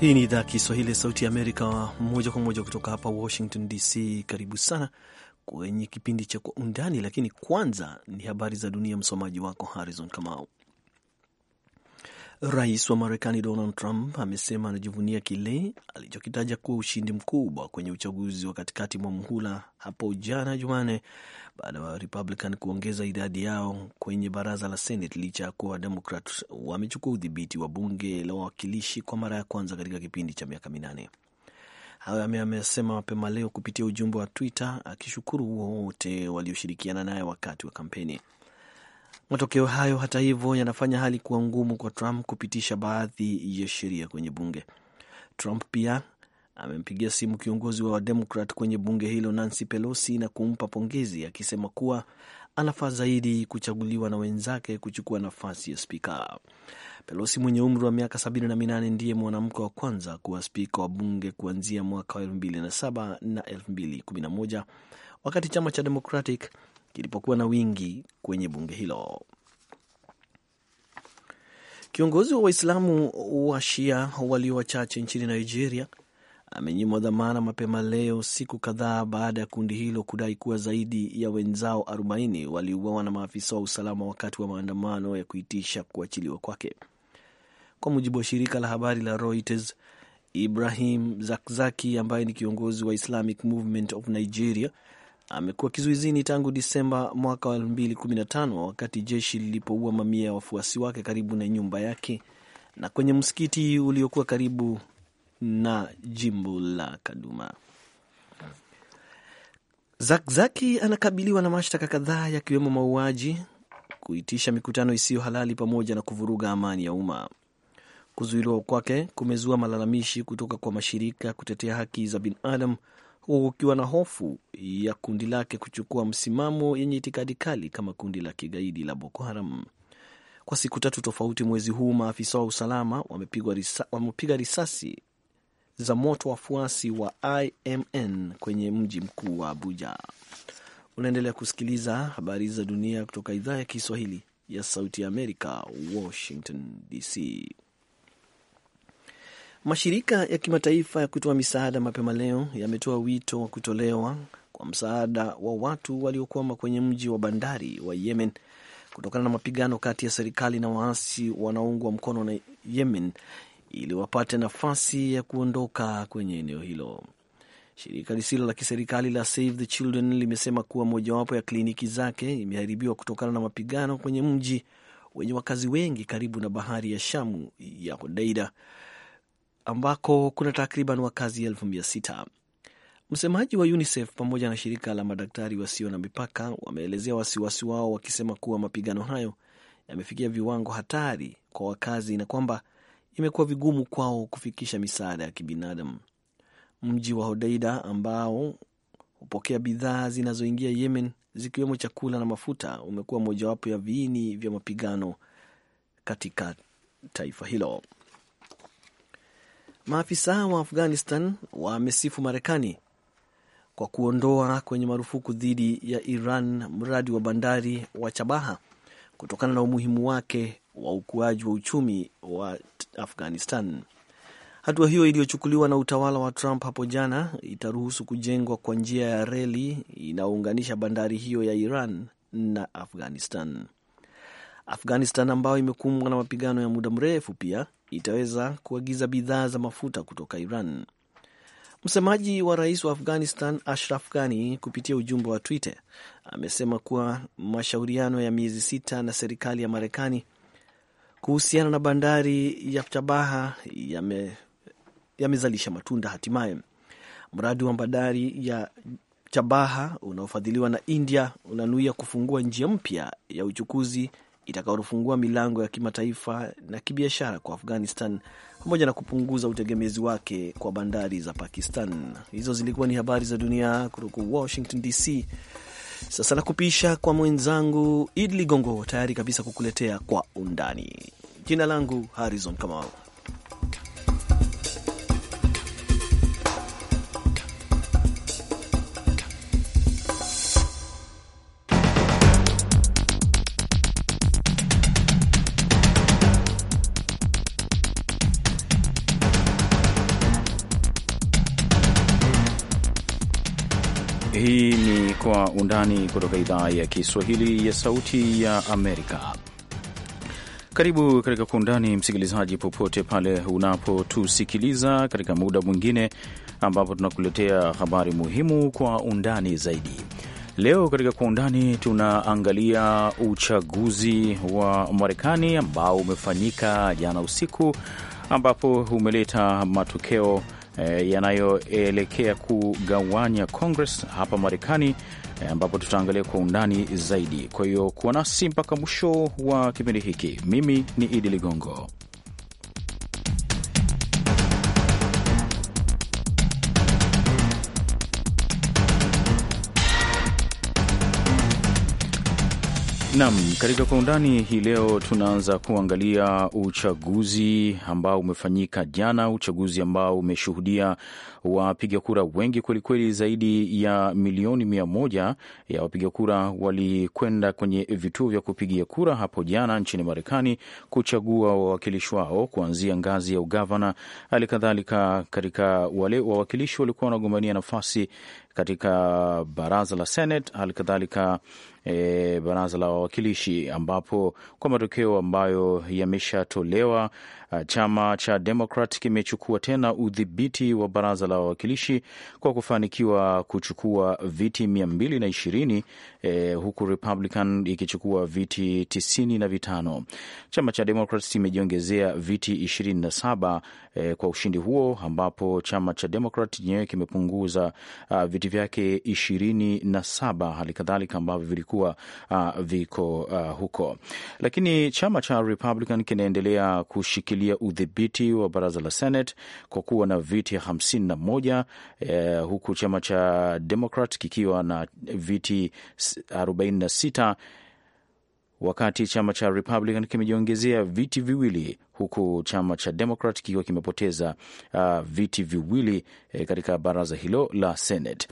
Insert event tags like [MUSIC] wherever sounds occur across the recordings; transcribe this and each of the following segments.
Hii ni idhaa ya Kiswahili ya Sauti ya Amerika, moja kwa moja kutoka hapa Washington DC. Karibu sana kwenye kipindi cha Kwa Undani, lakini kwanza ni habari za dunia. Msomaji wako Harrison Kamau. Rais wa Marekani Donald Trump amesema anajivunia kile alichokitaja kuwa ushindi mkubwa kwenye uchaguzi wa katikati mwa muhula hapo jana Jumanne, baada ya Republican kuongeza idadi yao kwenye baraza la Senate licha ya kuwa Wademokrat wamechukua udhibiti wa bunge la wawakilishi kwa mara ya kwanza katika kipindi cha miaka minane. Hayo amesema mapema leo kupitia ujumbe wa Twitter akishukuru wote walioshirikiana naye wakati wa kampeni. Matokeo hayo hata hivyo yanafanya hali kuwa ngumu kwa Trump kupitisha baadhi ya sheria kwenye bunge. Trump pia amempigia simu kiongozi wa Wademokrat kwenye bunge hilo Nancy Pelosi na kumpa pongezi akisema kuwa anafaa zaidi kuchaguliwa na wenzake kuchukua nafasi ya spika. Pelosi mwenye umri wa miaka 78 ndiye mwanamke wa kwanza kuwa spika wa bunge kuanzia mwaka wa 2007 na 2011 wakati chama cha Democratic kilipokuwa na wingi kwenye bunge hilo. Kiongozi wa Waislamu wa Shia walio wachache nchini Nigeria amenyimwa dhamana mapema leo, siku kadhaa baada ya kundi hilo kudai kuwa zaidi ya wenzao 40 waliuawa na maafisa wa usalama wakati wa maandamano ya kuitisha kuachiliwa kwake. Kwa mujibu wa shirika la habari la Reuters, Ibrahim Zakzaki ambaye ni kiongozi wa Islamic Movement of Nigeria amekuwa kizuizini tangu Disemba mwaka wa 2015 wakati jeshi lilipoua mamia ya wafuasi wake karibu na nyumba yake na kwenye msikiti uliokuwa karibu na jimbo la Kaduma. Zakzaki anakabiliwa na mashtaka kadhaa yakiwemo mauaji, kuitisha mikutano isiyo halali pamoja na kuvuruga amani ya umma. Kuzuiliwa kwake kumezua malalamishi kutoka kwa mashirika kutetea haki za binadamu huku kukiwa na hofu ya kundi lake kuchukua msimamo yenye itikadi kali kama kundi la kigaidi la Boko Haram. Kwa siku tatu tofauti mwezi huu, maafisa wa usalama wamepiga risa, wamepiga risasi za moto wafuasi wa IMN kwenye mji mkuu wa Abuja. Unaendelea kusikiliza habari za dunia kutoka idhaa ya Kiswahili ya Sauti ya Amerika, Washington DC. Mashirika ya kimataifa ya kutoa misaada mapema leo yametoa wito wa kutolewa kwa msaada wa watu waliokwama kwenye mji wa bandari wa Yemen kutokana na mapigano kati ya serikali na waasi wanaoungwa mkono na Yemen ili wapate nafasi ya kuondoka kwenye eneo hilo. Shirika lisilo la kiserikali la Save the Children limesema kuwa mojawapo ya kliniki zake imeharibiwa kutokana na mapigano kwenye mji wenye wakazi wengi karibu na bahari ya Shamu ya Hodeida ambako kuna takriban wakazi elfu mia sita. Msemaji wa UNICEF pamoja na shirika la madaktari wasio na mipaka wameelezea wasiwasi wao wakisema kuwa mapigano hayo yamefikia viwango hatari kwa wakazi na kwamba imekuwa vigumu kwao kufikisha misaada ya kibinadamu. Mji wa Hodeida ambao hupokea bidhaa zinazoingia Yemen zikiwemo chakula na mafuta umekuwa mojawapo ya viini vya mapigano katika taifa hilo. Maafisa wa Afghanistan wamesifu Marekani kwa kuondoa kwenye marufuku dhidi ya Iran mradi wa bandari wa Chabaha kutokana na umuhimu wake wa ukuaji wa uchumi wa Afghanistan. Hatua hiyo iliyochukuliwa na utawala wa Trump hapo jana itaruhusu kujengwa kwa njia ya reli inayounganisha bandari hiyo ya Iran na Afghanistan. Afghanistan ambayo imekumbwa na mapigano ya muda mrefu pia itaweza kuagiza bidhaa za mafuta kutoka Iran. Msemaji wa rais wa Afghanistan Ashraf Ghani kupitia ujumbe wa Twitter amesema kuwa mashauriano ya miezi sita na serikali ya Marekani kuhusiana na bandari ya Chabaha yamezalisha ya matunda hatimaye. Mradi wa bandari ya Chabaha unaofadhiliwa na India unanuia kufungua njia mpya ya uchukuzi itakaofungua milango ya kimataifa na kibiashara kwa Afghanistan pamoja na kupunguza utegemezi wake kwa bandari za Pakistan. Hizo zilikuwa ni habari za dunia kutoka Washington DC. Sasa nakupisha kwa mwenzangu Idi Ligongo, tayari kabisa kukuletea kwa undani. Jina langu Harrison Kamau. Kwa Undani kutoka idhaa ya Kiswahili ya Sauti ya Amerika. Karibu katika Kwa Undani, msikilizaji, popote pale unapotusikiliza katika muda mwingine ambapo tunakuletea habari muhimu kwa undani zaidi. Leo katika Kwa Undani tunaangalia uchaguzi wa Marekani ambao umefanyika jana usiku, ambapo umeleta matokeo eh, yanayoelekea kugawanya Congress hapa Marekani eh, ambapo tutaangalia kwa undani zaidi. Kwa hiyo kuwa nasi mpaka mwisho wa kipindi hiki. Mimi ni Idi Ligongo. Nam, katika kwa undani hii leo tunaanza kuangalia uchaguzi ambao umefanyika jana, uchaguzi ambao umeshuhudia wapiga kura wengi kwelikweli, zaidi ya milioni mia moja ya wapiga kura walikwenda kwenye vituo vya kupigia kura hapo jana nchini Marekani kuchagua wawakilishi wao kuanzia ngazi ya ugavana, hali kadhalika katika wale wawakilishi walikuwa wanagombania nafasi katika baraza la Senate, hali kadhalika e, baraza la wawakilishi, ambapo kwa matokeo ambayo yameshatolewa, chama cha Democrat kimechukua tena udhibiti wa baraza la wawakilishi kwa kufanikiwa kuchukua viti mia mbili na ishirini e, huku Republican ikichukua viti tisini na vitano. Chama cha Democrat kimejiongezea viti ishirini na saba e, kwa ushindi huo, ambapo chama cha Democrat yenyewe kimepunguza a, viti viti vyake ishirini na saba hali kadhalika ambavyo vilikuwa uh, viko uh, huko, lakini chama cha Republican kinaendelea kushikilia udhibiti wa baraza la Senate kwa kuwa na viti hamsini na moja eh, huku chama cha Democrat kikiwa na viti arobaini na sita wakati chama cha Republican kimejiongezea viti viwili huku chama cha Democrat kikiwa kimepoteza uh, viti viwili eh, katika baraza hilo la Senate.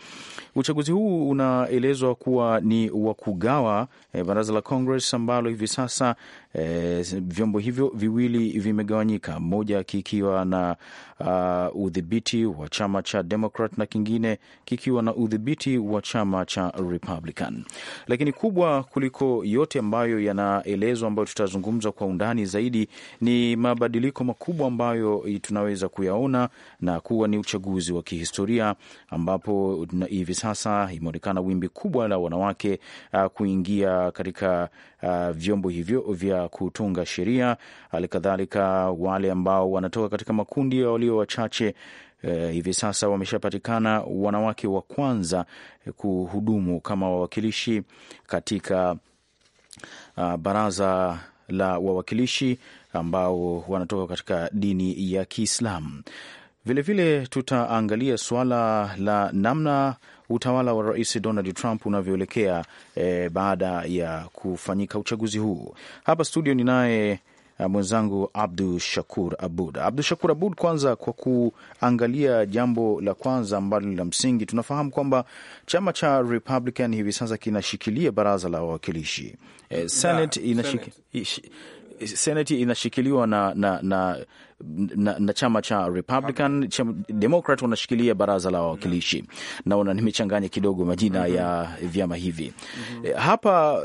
Uchaguzi huu unaelezwa kuwa ni wa kugawa eh, baraza la Congress ambalo hivi sasa eh, vyombo hivyo viwili vimegawanyika, moja kikiwa na uh, udhibiti wa chama cha Democrat na kingine kikiwa na udhibiti wa chama cha Republican. Lakini kubwa kuliko yote ambayo yanaelezwa, ambayo tutazungumza kwa undani zaidi ni mabadiliko makubwa ambayo tunaweza kuyaona na kuwa ni uchaguzi wa kihistoria, ambapo hivi sasa imeonekana wimbi kubwa la wanawake uh, kuingia katika uh, vyombo hivyo vya kutunga sheria, halikadhalika wale ambao wanatoka katika makundi walio wachache Uh, hivi sasa wameshapatikana wanawake wa kwanza uh, kuhudumu kama wawakilishi katika uh, baraza la wawakilishi ambao wanatoka katika dini ya Kiislamu. Vilevile tutaangalia suala la namna utawala wa Rais Donald Trump unavyoelekea e, baada ya kufanyika uchaguzi huu. Hapa studio ninaye Eh, mwenzangu Abdu Shakur Abud. Abdu Shakur Abud, kwanza kwa kuangalia jambo la kwanza ambalo ni la msingi, tunafahamu kwamba chama cha Republican hivi sasa kinashikilia baraza la wawakilishi eh, Senate, Senate. inashikiliwa na, na, na, na, na chama cha Republican, chama Democrat wanashikilia baraza la wawakilishi. Mm-hmm. Naona nimechanganya kidogo majina mm -hmm. ya vyama hivi mm -hmm. Hapa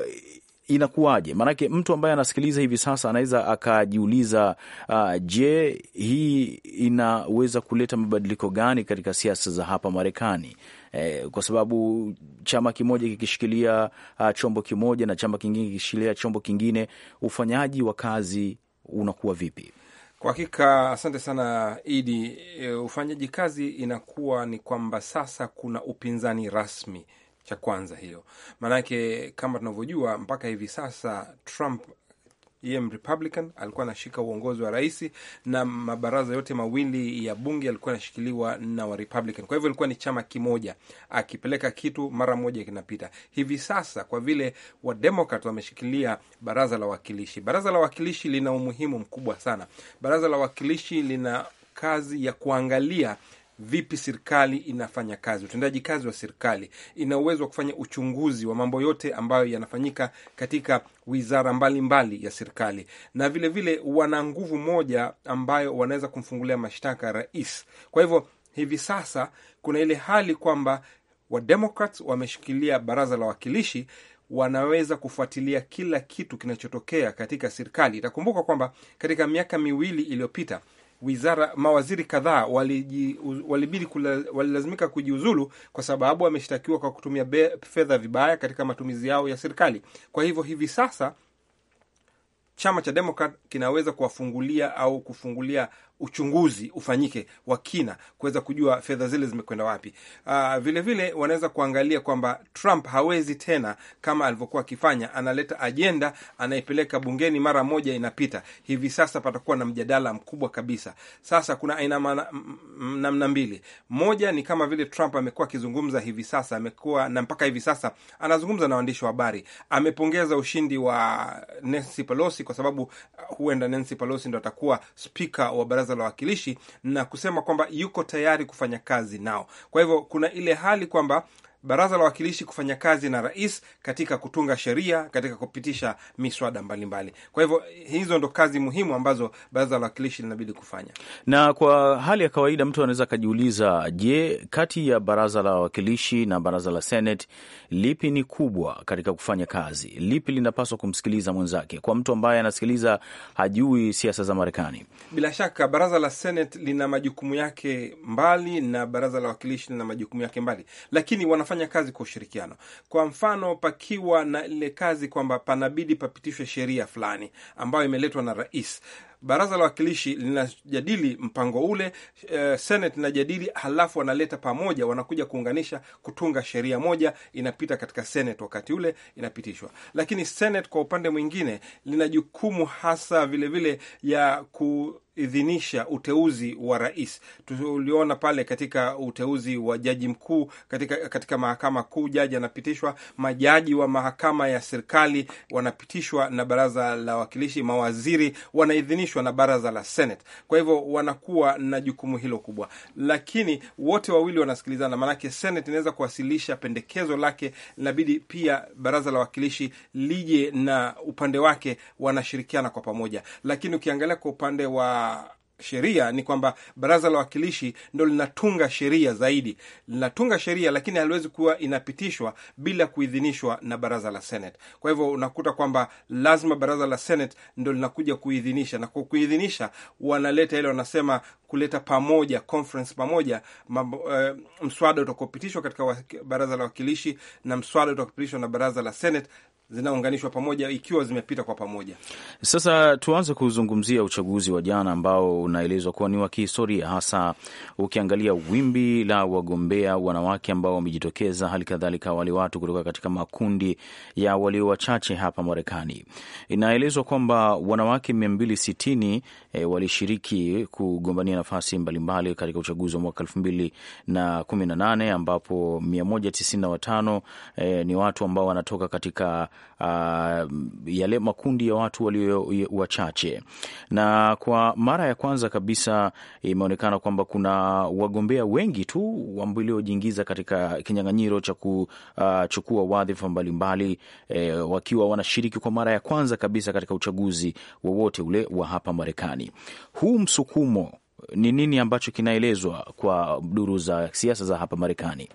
inakuwaje? Maanake mtu ambaye anasikiliza hivi sasa anaweza akajiuliza, uh, je, hii inaweza kuleta mabadiliko gani katika siasa za hapa Marekani? Eh, kwa sababu chama kimoja kikishikilia uh, chombo kimoja na chama kingine kikishikilia chombo kingine, ufanyaji wa kazi unakuwa vipi? Kwa hakika asante sana Idi. E, ufanyaji kazi inakuwa ni kwamba sasa kuna upinzani rasmi cha kwanza hiyo. maanake kama tunavyojua mpaka hivi sasa Trump yeye Mrepublican alikuwa anashika uongozi wa rais na mabaraza yote mawili ya bunge alikuwa anashikiliwa na wa Republican. Kwa hivyo ilikuwa ni chama kimoja, akipeleka kitu mara moja kinapita. Hivi sasa kwa vile wa Democrat wameshikilia baraza la wawakilishi, baraza la wawakilishi lina umuhimu mkubwa sana. Baraza la wawakilishi lina kazi ya kuangalia vipi serikali inafanya kazi, utendaji kazi wa serikali, ina uwezo wa kufanya uchunguzi wa mambo yote ambayo yanafanyika katika wizara mbalimbali mbali ya serikali, na vilevile wana nguvu moja ambayo wanaweza kumfungulia mashtaka rais. Kwa hivyo hivi sasa kuna ile hali kwamba Wademokrat wameshikilia baraza la wawakilishi wanaweza kufuatilia kila kitu kinachotokea katika serikali. Itakumbuka kwamba katika miaka miwili iliyopita wizara mawaziri kadhaa walibidi walilazimika kujiuzulu kwa sababu wameshtakiwa kwa kutumia fedha vibaya katika matumizi yao ya serikali. Kwa hivyo hivi sasa chama cha Demokrat kinaweza kuwafungulia au kufungulia uchunguzi ufanyike wa kina kuweza kujua fedha zile zimekwenda wapi. Vilevile ah, wanaweza kuangalia kwamba Trump hawezi tena kama alivyokuwa akifanya, analeta ajenda anaipeleka bungeni mara moja inapita. Hivi sasa patakuwa na mjadala mkubwa kabisa. Sasa kuna aina namna mbili, moja ni kama vile Trump amekuwa akizungumza hivi sasa, amekuwa na mpaka hivi sasa anazungumza na waandishi wa habari, amepongeza ushindi wa Nancy Pelosi kwa sababu ah, huenda Nancy Pelosi ndo atakuwa spika wa baraza baraza la wawakilishi na kusema kwamba yuko tayari kufanya kazi nao. Kwa hivyo kuna ile hali kwamba baraza la wawakilishi kufanya kazi na rais katika kutunga sheria, katika kupitisha miswada mbalimbali Kwa hivyo hizo ndo kazi muhimu ambazo baraza la wawakilishi linabidi kufanya, na kwa hali ya kawaida mtu anaweza akajiuliza, je, kati ya baraza la wawakilishi na baraza la seneti lipi ni kubwa katika kufanya kazi? Lipi linapaswa kumsikiliza mwenzake? Kwa mtu ambaye anasikiliza hajui siasa za Marekani, bila shaka baraza la seneti lina majukumu yake mbali na baraza la wawakilishi lina majukumu yake mbali, lakini wana wanafanya kazi kwa ushirikiano. Kwa mfano, pakiwa na ile kazi kwamba panabidi papitishwe sheria fulani ambayo imeletwa na rais, baraza la wakilishi linajadili mpango ule, e, Senate inajadili, halafu wanaleta pamoja, wanakuja kuunganisha kutunga sheria moja, inapita katika Senate wakati ule inapitishwa. Lakini Senate kwa upande mwingine lina jukumu hasa vilevile vile ya ku idhinisha uteuzi wa rais. Tuliona pale katika uteuzi wa jaji mkuu katika, katika mahakama kuu, jaji anapitishwa, majaji wa mahakama ya serikali wanapitishwa na baraza la wawakilishi, mawaziri wanaidhinishwa kuidhinishwa na baraza la Senate. Kwa hivyo wanakuwa na jukumu hilo kubwa, lakini wote wawili wanasikilizana, maanake Senate inaweza kuwasilisha pendekezo lake, inabidi pia baraza la wakilishi lije na upande wake, wanashirikiana kwa pamoja. Lakini ukiangalia kwa upande wa sheria ni kwamba baraza la wawakilishi ndo linatunga sheria zaidi, linatunga sheria lakini haliwezi kuwa inapitishwa bila kuidhinishwa na baraza la Senate. Kwa hivyo unakuta kwamba lazima baraza la Senate ndo linakuja kuidhinisha, na kwa kuidhinisha wanaleta ile wanasema kuleta pamoja conference pamoja mambo, e, mswada utakaopitishwa katika baraza la wawakilishi na mswada utakaopitishwa na baraza la Senate zinaunganishwa pamoja ikiwa zimepita kwa pamoja. Sasa tuanze kuzungumzia uchaguzi wa jana ambao unaelezwa kuwa ni wa kihistoria, hasa ukiangalia wimbi la wagombea wanawake ambao wamejitokeza, hali kadhalika wale watu kutoka katika makundi ya walio wachache hapa Marekani. Inaelezwa kwamba wanawake mia mbili sitini e, walishiriki kugombania nafasi mbalimbali katika uchaguzi wa mwaka elfu na kumi na nane ambapo mia moja tisini na watano e, eh, ni watu ambao wanatoka katika uh, yale makundi ya watu walio wachache, na kwa mara ya kwanza kabisa imeonekana kwamba kuna wagombea wengi tu waliojiingiza katika kinyang'anyiro cha kuchukua uh, wadhifa mbalimbali eh, wakiwa wanashiriki kwa mara ya kwanza kabisa katika uchaguzi wowote ule wa hapa Marekani. Huu msukumo ni nini ambacho kinaelezwa kwa duru za siasa za hapa Marekani?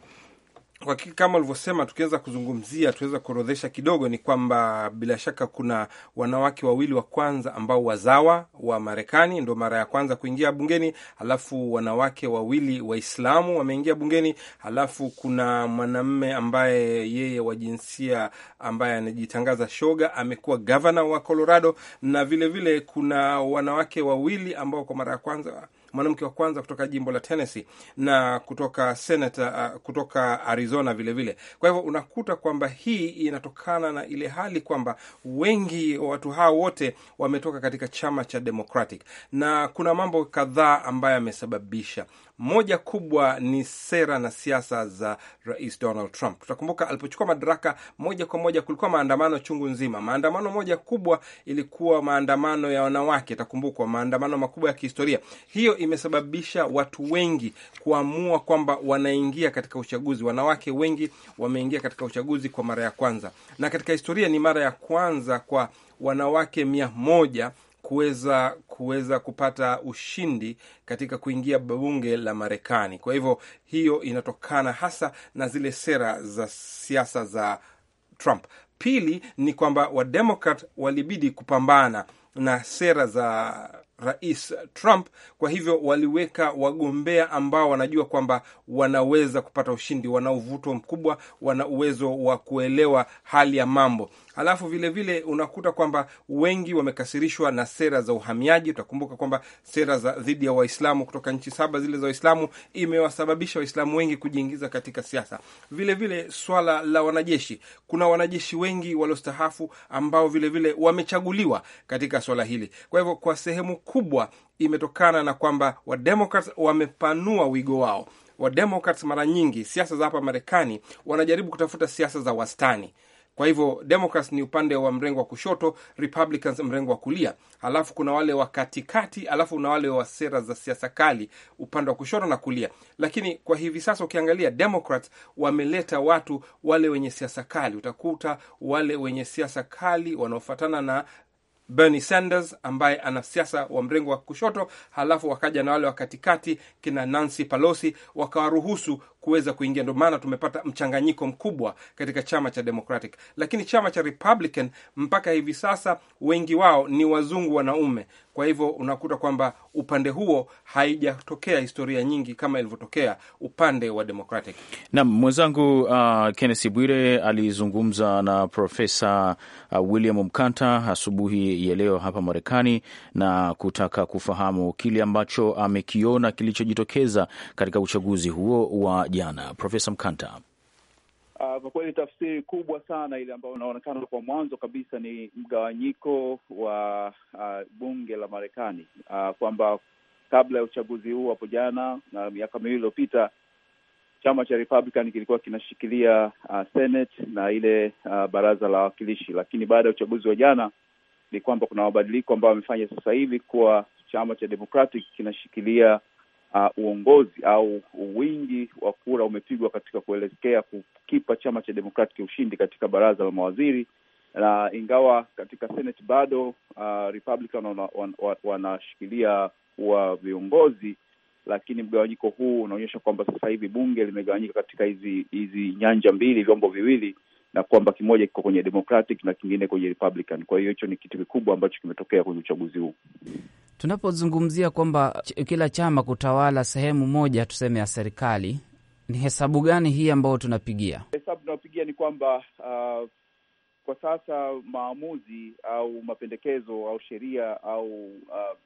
kwa hakika kama ulivyosema, tukiweza kuzungumzia, tuweza kuorodhesha kidogo, ni kwamba bila shaka kuna wanawake wawili wa kwanza ambao wazawa wa Marekani ndo mara ya kwanza kuingia bungeni, alafu wanawake wawili Waislamu wameingia bungeni, alafu kuna mwanamme ambaye yeye wa jinsia ambaye anajitangaza shoga amekuwa gavana wa Colorado, na vilevile vile kuna wanawake wawili ambao kwa mara ya kwanza mwanamke wa kwanza kutoka jimbo la Tennessee na kutoka senator uh, kutoka Arizona vilevile vile. Kwa hivyo unakuta kwamba hii inatokana na ile hali kwamba wengi wa watu hao wote wametoka katika chama cha Democratic na kuna mambo kadhaa ambayo yamesababisha moja kubwa ni sera na siasa za Rais Donald Trump. Tutakumbuka alipochukua madaraka, moja kwa moja kulikuwa maandamano chungu nzima. Maandamano moja kubwa ilikuwa maandamano ya wanawake, itakumbukwa, maandamano makubwa ya kihistoria. Hiyo imesababisha watu wengi kuamua kwamba wanaingia katika uchaguzi. Wanawake wengi wameingia katika uchaguzi kwa mara ya kwanza, na katika historia ni mara ya kwanza kwa wanawake mia moja kuweza kuweza kupata ushindi katika kuingia bunge la Marekani. Kwa hivyo hiyo inatokana hasa na zile sera za siasa za Trump. Pili ni kwamba Wademokrat walibidi kupambana na sera za Rais Trump. Kwa hivyo waliweka wagombea ambao wanajua kwamba wanaweza kupata ushindi, wana uvuto mkubwa, wana uwezo wa kuelewa hali ya mambo. Alafu vilevile vile unakuta kwamba wengi wamekasirishwa na sera za uhamiaji. Utakumbuka kwamba sera za dhidi ya Waislamu kutoka nchi saba zile za Waislamu imewasababisha Waislamu wengi kujiingiza katika siasa. Vilevile vile swala la wanajeshi, kuna wanajeshi wengi waliostahafu ambao vilevile vile wamechaguliwa katika swala hili. Kwa hivyo kwa sehemu kubwa imetokana na kwamba Wademokrat wamepanua wigo wao. Wademokrat mara nyingi siasa za hapa Marekani wanajaribu kutafuta siasa za wastani kwa hivyo Democrats ni upande wa mrengo wa kushoto, Republicans mrengo wa kulia, alafu kuna wale wa katikati, alafu na wale wa sera za siasa kali upande wa kushoto na kulia. Lakini kwa hivi sasa ukiangalia Democrats wameleta watu wale wenye siasa kali, utakuta wale wenye siasa kali wanaofatana na Bernie Sanders ambaye ana siasa wa mrengo wa kushoto, halafu wakaja na wale wa katikati kina Nancy Pelosi, wakawaruhusu kuweza kuingia. Ndio maana tumepata mchanganyiko mkubwa katika chama cha Democratic, lakini chama cha Republican mpaka hivi sasa wengi wao ni wazungu wanaume. Kwa hivyo unakuta kwamba upande huo haijatokea historia nyingi kama ilivyotokea upande wa Democratic. Naam, mwenzangu uh, Kenneth Bwire alizungumza na Profesa uh, William Mkanta asubuhi ya leo hapa Marekani na kutaka kufahamu kile ambacho amekiona kilichojitokeza katika uchaguzi huo wa jana. Profesa Mkanta. Uh, kwa kweli tafsiri kubwa sana ile ambayo inaonekana kwa mwanzo kabisa ni mgawanyiko wa uh, bunge la Marekani uh, kwamba kabla ya uchaguzi huu hapo jana na miaka miwili iliyopita chama cha Republican kilikuwa kinashikilia uh, Senate na ile uh, baraza la wawakilishi, lakini baada ya uchaguzi wa jana ni kwamba kuna mabadiliko ambayo wamefanya sasa hivi kuwa chama cha Democratic kinashikilia uh, uongozi au wingi wa kura umepigwa katika kuelekea kukipa chama cha demokrati ushindi katika baraza la mawaziri, na ingawa katika Senate bado uh, Republican wanashikilia wana, wana wa viongozi lakini mgawanyiko huu unaonyesha kwamba sasa hivi bunge limegawanyika katika hizi hizi nyanja mbili, vyombo viwili na kwamba kimoja kiko kwenye Democratic na kingine kwenye Republican. Kwa hiyo hicho ni kitu kikubwa ambacho kimetokea kwenye uchaguzi huu. Tunapozungumzia kwamba kila chama kutawala sehemu moja tuseme ya serikali, ni hesabu gani hii ambayo tunapigia? Hesabu tunayopigia ni kwamba uh, kwa sasa maamuzi au mapendekezo au sheria au uh,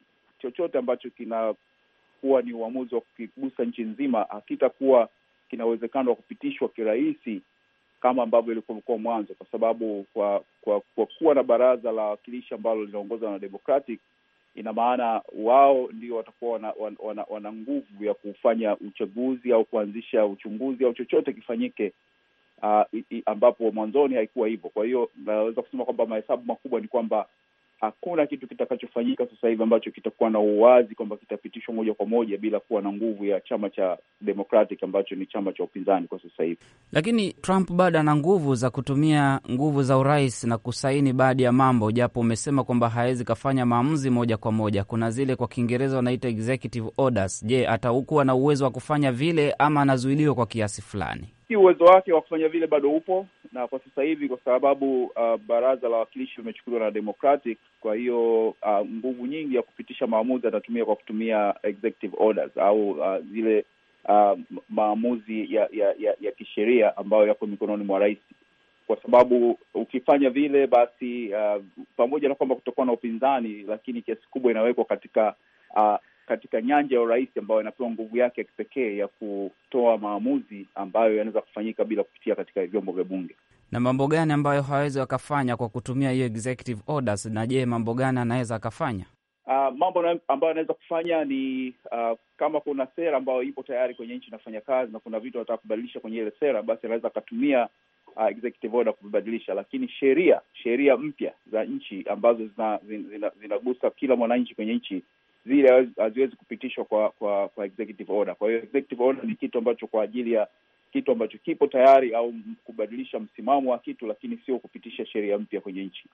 chochote ambacho kinakuwa ni uamuzi wa kukigusa nchi nzima hakitakuwa kina uwezekano wa kupitishwa kirahisi kama ambavyo ilikuwa mwanzo, kwa sababu kwa kwa, kwa kuwa na baraza la wawakilishi ambalo linaongozwa na Democratic, ina maana wao ndio watakuwa wana, wana, wana nguvu ya kufanya uchaguzi au kuanzisha uchunguzi au chochote kifanyike, uh, ambapo mwanzoni haikuwa hivyo. Kwa hiyo naweza kusema kwamba mahesabu makubwa ni kwamba hakuna kitu kitakachofanyika sasa hivi ambacho kitakuwa na uwazi kwamba kitapitishwa moja kwa moja bila kuwa na nguvu ya chama cha Democratic ambacho ni chama cha upinzani kwa sasa hivi. Lakini Trump bado ana nguvu za kutumia nguvu za urais na kusaini baadhi ya mambo, japo umesema kwamba hawezi kafanya maamuzi moja kwa moja. Kuna zile kwa Kiingereza wanaita executive orders. Je, atakuwa na uwezo wa kufanya vile ama anazuiliwa kwa kiasi fulani? Si uwezo wake wa kufanya vile bado upo, na kwa sasa hivi kwa sababu uh, baraza la wawakilishi limechukuliwa na Democratic, kwa hiyo uh, nguvu nyingi ya kupitisha maamuzi yatatumia kwa kutumia executive orders au uh, zile uh, maamuzi ya ya, ya, ya kisheria ambayo yako mikononi mwa rais, kwa sababu ukifanya vile basi uh, pamoja na kwamba kutokuwa na upinzani, lakini kiasi kubwa inawekwa katika uh, katika nyanja ya urais ambayo inapewa nguvu yake ya kipekee ya kutoa maamuzi ambayo yanaweza kufanyika bila kupitia katika vyombo vya bunge. Na mambo gani ambayo hawawezi wakafanya kwa kutumia hiyo executive orders? Na je, mambo gani anaweza akafanya? Uh, mambo na, ambayo anaweza kufanya ni uh, kama kuna sera ambayo ipo tayari kwenye nchi inafanya kazi na kuna vitu anataka kubadilisha kwenye ile sera, basi anaweza akatumia uh, executive order Lakini sheria sheria mpya za nchi ambazo zinagusa zina, zina, zina kila mwananchi kwenye nchi zile haziwezi kupitishwa kwa kwa kwa executive order. Kwa hiyo executive order ni kitu ambacho kwa ajili ya kitu ambacho kipo tayari au kubadilisha msimamo wa kitu, lakini sio kupitisha sheria mpya kwenye nchi.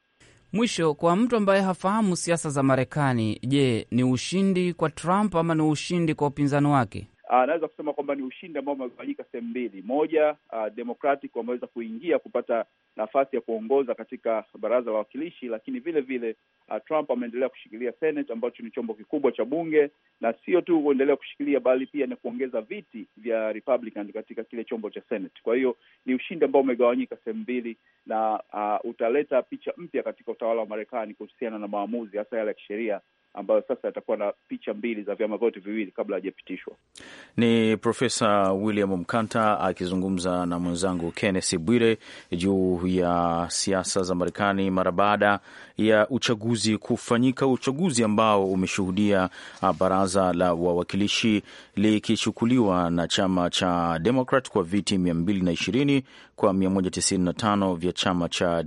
Mwisho, kwa mtu ambaye hafahamu siasa za Marekani, je, ni ushindi kwa Trump ama ni ushindi kwa upinzani wake? anaweza ah, kusema kwamba ni ushindi ambao umegawanyika sehemu mbili. Moja, uh, Democratic wameweza kuingia kupata nafasi ya kuongoza katika baraza la wawakilishi, lakini vile vile uh, Trump ameendelea kushikilia Senate ambacho ni chombo kikubwa cha bunge, na sio tu kuendelea kushikilia bali pia ni kuongeza viti vya Republican katika kile chombo cha Senate. Kwa hiyo ni ushindi ambao umegawanyika sehemu mbili, na uh, utaleta picha mpya katika utawala wa Marekani kuhusiana na maamuzi hasa yale ya kisheria ambayo sasa yatakuwa na picha mbili za vyama vyote viwili kabla hajapitishwa. Ni Profesa William Mkanta akizungumza na mwenzangu Kenneth Bwire juu ya siasa za Marekani mara baada ya uchaguzi kufanyika, uchaguzi ambao umeshuhudia ah, baraza la wawakilishi likichukuliwa na chama cha Demokrat kwa viti 220 kwa 195 vya chama cha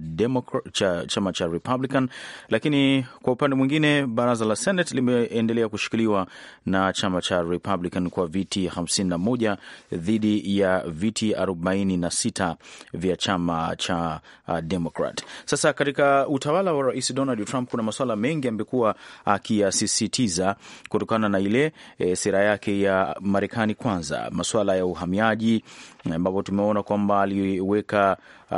cha, chama cha Republican, lakini kwa upande mwingine baraza la Senate limeendelea kushikiliwa na chama cha Republican kwa viti 51 dhidi ya viti 46 vya chama cha uh, Democrat. Sasa katika utawala wa Rais Donald Trump kuna masuala mengi amekuwa akiyasisitiza kutokana na ile e, sera yake ya Marekani kwanza, masuala ya uhamiaji ambapo tumeona kwamba aliweka uh,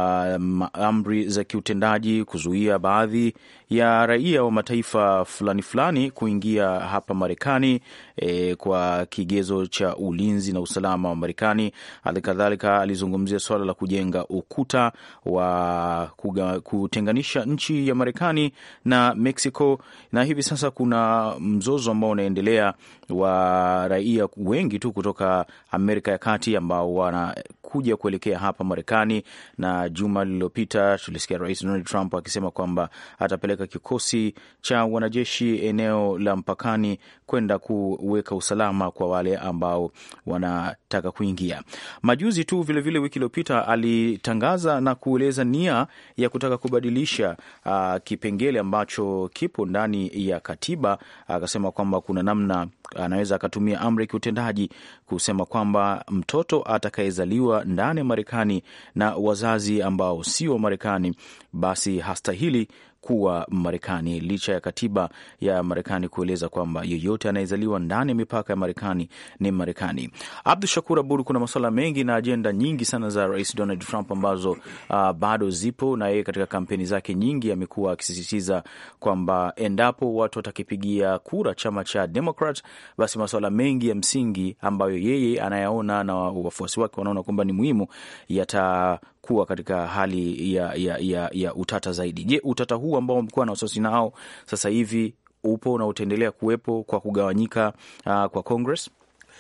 amri za kiutendaji kuzuia baadhi ya raia wa mataifa fulani fulani kuingia hapa Marekani e, kwa kigezo cha ulinzi na usalama wa Marekani. Halikadhalika alizungumzia suala la kujenga ukuta wa kuga, kutenganisha nchi ya Marekani na Mexico, na hivi sasa kuna mzozo ambao unaendelea wa raia wengi tu kutoka Amerika ya Kati ambao wana kuja kuelekea hapa Marekani, na juma lililopita tulisikia Rais Donald Trump akisema kwamba atapeleka kikosi cha wanajeshi eneo la mpakani kwenda kuweka usalama kwa wale ambao wana anataka kuingia. Majuzi tu vilevile vile wiki iliyopita alitangaza na kueleza nia ya kutaka kubadilisha uh, kipengele ambacho kipo ndani ya katiba, akasema uh, kwamba kuna namna anaweza akatumia amri ya kiutendaji kusema kwamba mtoto atakayezaliwa ndani ya Marekani na wazazi ambao sio marekani basi hastahili kuwa Marekani, licha ya katiba ya Marekani kueleza kwamba yeyote anayezaliwa ndani ya mipaka ya Marekani ni Marekani. Abdu Shakur Abud, kuna masuala mengi na ajenda nyingi sana za Rais Donald Trump ambazo uh, bado zipo na yeye katika kampeni zake nyingi amekuwa akisisitiza kwamba endapo watu watakipigia kura chama cha Democrat, basi masuala mengi ya msingi ambayo yeye anayaona na wafuasi wake wanaona kwamba ni muhimu yata kuwa katika hali ya, ya, ya, ya utata zaidi. Je, utata huu ambao wamekuwa na wasiwasi nao sasa hivi upo na utaendelea kuwepo kwa kugawanyika uh, kwa Congress?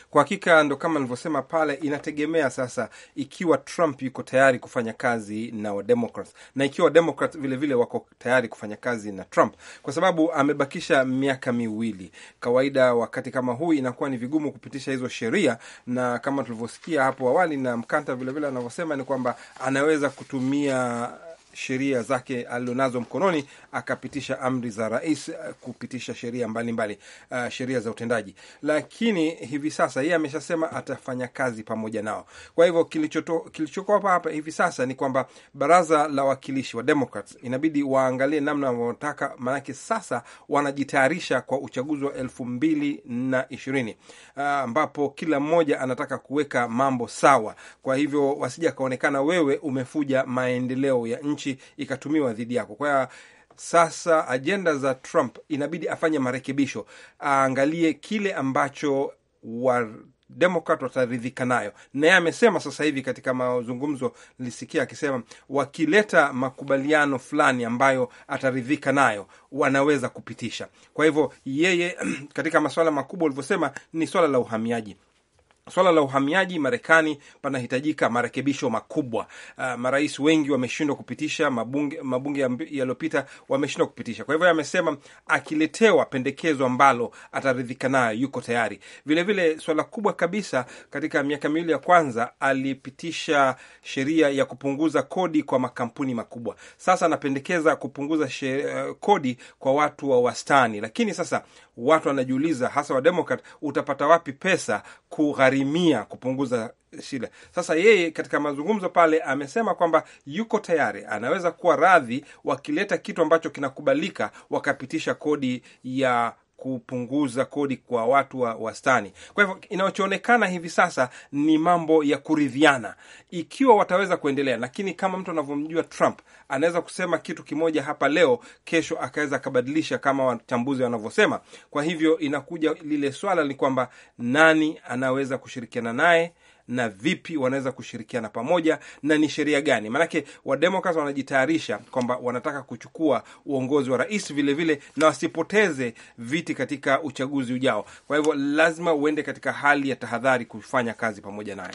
Kwa hakika ndo kama nilivyosema pale, inategemea sasa ikiwa Trump yuko tayari kufanya kazi na Wademokrat na ikiwa Wademokrat vilevile wako tayari kufanya kazi na Trump, kwa sababu amebakisha miaka miwili. Kawaida wakati kama huu inakuwa ni vigumu kupitisha hizo sheria, na kama tulivyosikia hapo awali na Mkanta vilevile anavyosema ni kwamba anaweza kutumia sheria zake alionazo mkononi, akapitisha amri za rais eh, kupitisha sheria mbalimbali, uh, sheria za utendaji. Lakini hivi sasa yeye ameshasema atafanya kazi pamoja nao. Kwa hivyo kilichoko hapa hapa hivi sasa ni kwamba baraza la wakilishi wa Democrats inabidi waangalie namna wanaotaka, maanake sasa wanajitayarisha kwa uchaguzi wa elfu mbili na ishirini eh, ambapo uh, kila mmoja anataka kuweka mambo sawa. Kwa hivyo wasija kaonekana wewe umefuja maendeleo ya nchi nchi ikatumiwa dhidi yako. Kwa hiyo sasa ajenda za Trump inabidi afanye marekebisho, aangalie kile ambacho Wademokrat wataridhika nayo. na yeye amesema sasa hivi katika mazungumzo, nilisikia akisema wakileta makubaliano fulani ambayo ataridhika nayo wanaweza kupitisha. Kwa hivyo yeye [CLEARS THROAT] katika masuala makubwa ulivyosema ni swala la uhamiaji Swala la uhamiaji Marekani panahitajika marekebisho makubwa. Uh, marais wengi wameshindwa kupitisha, mabunge, mabunge yaliyopita wameshindwa kupitisha. Kwa hivyo amesema akiletewa pendekezo ambalo ataridhika nayo yuko tayari. Vilevile swala kubwa kabisa, katika miaka miwili ya kwanza alipitisha sheria ya kupunguza kodi kwa makampuni makubwa. Sasa anapendekeza kupunguza sheria, eh, kodi kwa watu wa wastani, lakini sasa watu wanajiuliza, hasa Wademokrat, utapata wapi pesa kughari kugharimia kupunguza shida. Sasa yeye katika mazungumzo pale amesema kwamba yuko tayari, anaweza kuwa radhi wakileta kitu ambacho kinakubalika, wakapitisha kodi ya kupunguza kodi kwa watu wa wastani. Kwa hivyo inachoonekana hivi sasa ni mambo ya kuridhiana, ikiwa wataweza kuendelea. Lakini kama mtu anavyomjua Trump, anaweza kusema kitu kimoja hapa leo, kesho akaweza akabadilisha, kama wachambuzi wanavyosema. Kwa hivyo inakuja lile swala ni kwamba nani anaweza kushirikiana naye na vipi wanaweza kushirikiana pamoja na ni sheria gani, maanake wademokrat wanajitayarisha kwamba wanataka kuchukua uongozi wa rais vilevile vile, na wasipoteze viti katika uchaguzi ujao. Kwa hivyo lazima uende katika hali ya tahadhari kufanya kazi pamoja naye,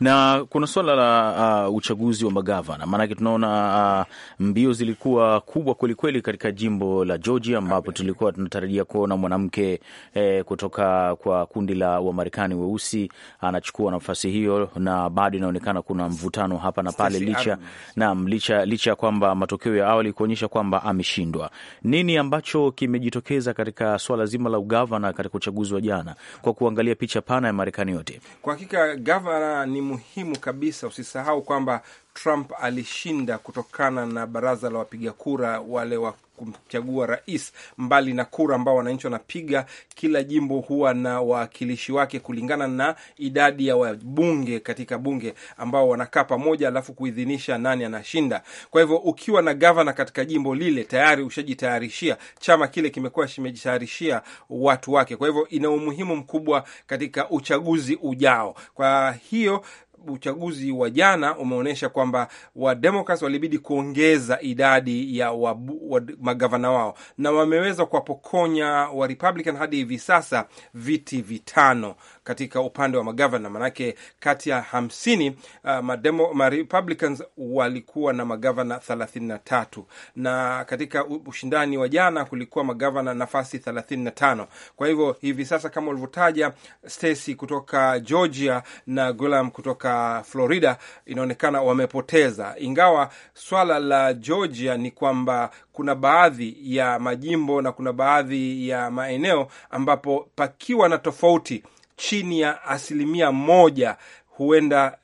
na kuna swala la uh, uchaguzi wa magavana, maanake tunaona uh, mbio zilikuwa kubwa kwelikweli katika jimbo la Georgia ambapo tulikuwa tunatarajia kuona mwanamke eh, kutoka kwa kundi la Wamarekani weusi anachukua nafasi hiyo, na bado inaonekana kuna mvutano hapa na pale, licha ah, na licha licha ya kwamba matokeo ya awali kuonyesha kwamba ameshindwa. Nini ambacho kimejitokeza katika swala zima la ugavana katika uchaguzi wa jana, kwa kuangalia picha pana ya Marekani yote? Kwa hakika gavana ni muhimu kabisa. Usisahau kwamba Trump alishinda kutokana na baraza la wapiga kura wale wa kumchagua rais, mbali na kura ambao wananchi wanapiga. Kila jimbo huwa na wawakilishi wake kulingana na idadi ya wabunge katika bunge ambao wanakaa pamoja, alafu kuidhinisha nani anashinda. Kwa hivyo ukiwa na gavana katika jimbo lile, tayari ushajitayarishia, chama kile kimekuwa kimejitayarishia watu wake. Kwa hivyo ina umuhimu mkubwa katika uchaguzi ujao. Kwa hiyo uchaguzi wa jana umeonyesha kwamba wademokrat walibidi kuongeza idadi ya wabu, wad, magavana wao na wameweza kuwapokonya warepublican hadi hivi sasa viti vitano katika upande wa magavana, manake kati ya hamsini uh, mademo, ma Republicans walikuwa na magavana thelathini na tatu na katika ushindani wa jana kulikuwa magavana nafasi thelathini na tano. Kwa hivyo hivi sasa kama ulivyotaja Stacy kutoka Georgia na Gulam kutoka Florida, inaonekana wamepoteza, ingawa swala la Georgia ni kwamba kuna baadhi ya majimbo na kuna baadhi ya maeneo ambapo pakiwa na tofauti chini ya asilimia moja, huenda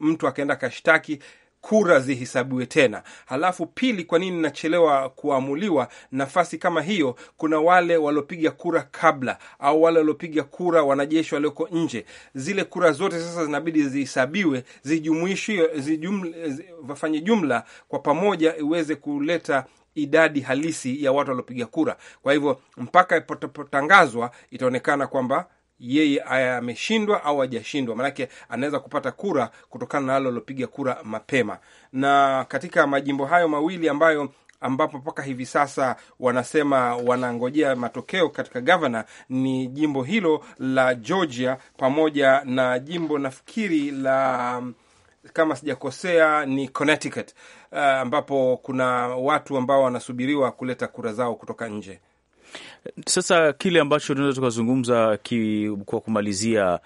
mtu akaenda kashtaki kura zihesabiwe tena. Halafu pili, kwa nini nachelewa kuamuliwa nafasi kama hiyo? Kuna wale waliopiga kura kabla au wale waliopiga kura wanajeshi walioko nje. Zile kura zote sasa zinabidi zihesabiwe, zijumuishwe, wafanye jumla kwa pamoja, iweze kuleta idadi halisi ya watu waliopiga kura. Kwa hivyo mpaka ipotangazwa, itaonekana kwamba yeye ameshindwa au hajashindwa, maanake anaweza kupata kura kutokana na wale waliopiga kura mapema. Na katika majimbo hayo mawili ambayo ambapo mpaka hivi sasa wanasema wanangojea matokeo katika gavana ni jimbo hilo la Georgia pamoja na jimbo nafikiri la kama sijakosea ni Connecticut, eh, ambapo kuna watu ambao wanasubiriwa kuleta kura zao kutoka nje. Sasa kile ambacho tunaweza tukazungumza kwa kumalizia,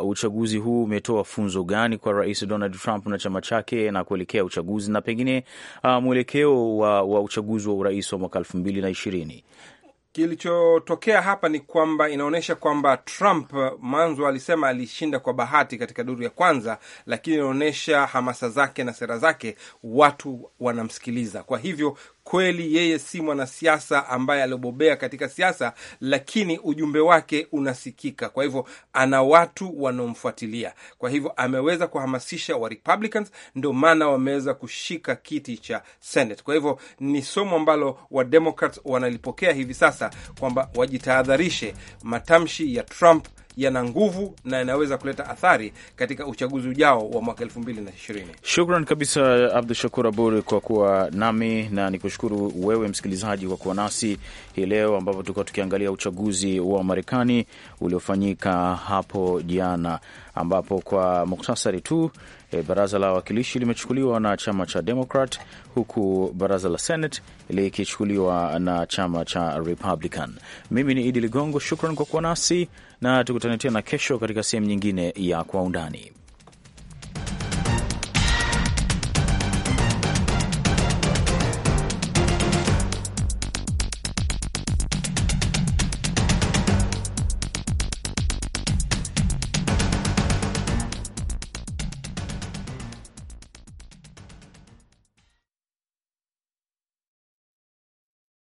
uh, uchaguzi huu umetoa funzo gani kwa Rais Donald Trump na chama chake na kuelekea uchaguzi na pengine uh, mwelekeo wa, wa uchaguzi wa urais wa mwaka elfu mbili na ishirini? Kilichotokea hapa ni kwamba inaonyesha kwamba Trump mwanzo alisema alishinda kwa bahati katika duru ya kwanza, lakini inaonyesha hamasa zake na sera zake, watu wanamsikiliza. Kwa hivyo kweli yeye si mwanasiasa ambaye aliobobea katika siasa, lakini ujumbe wake unasikika. Kwa hivyo ana watu wanaomfuatilia, kwa hivyo ameweza kuhamasisha wa Republicans, ndio maana wameweza kushika kiti cha Senate. Kwa hivyo ni somo ambalo wa Democrats wanalipokea hivi sasa kwamba wajitahadharishe matamshi ya Trump yana nguvu na yanaweza kuleta athari katika uchaguzi ujao wa mwaka 2020. Shukran kabisa Abdu Shakur Abur kwa kuwa nami na nikushukuru wewe msikilizaji kwa kuwa nasi hii leo, ambapo tulikuwa tukiangalia uchaguzi wa Marekani uliofanyika hapo jana ambapo kwa muktasari tu e, baraza la wawakilishi limechukuliwa na chama cha Democrat huku baraza la Senate likichukuliwa na chama cha Republican. Mimi ni Idi Ligongo, shukran kwa kuwa nasi na tukutane tena kesho katika sehemu nyingine ya Kwa Undani.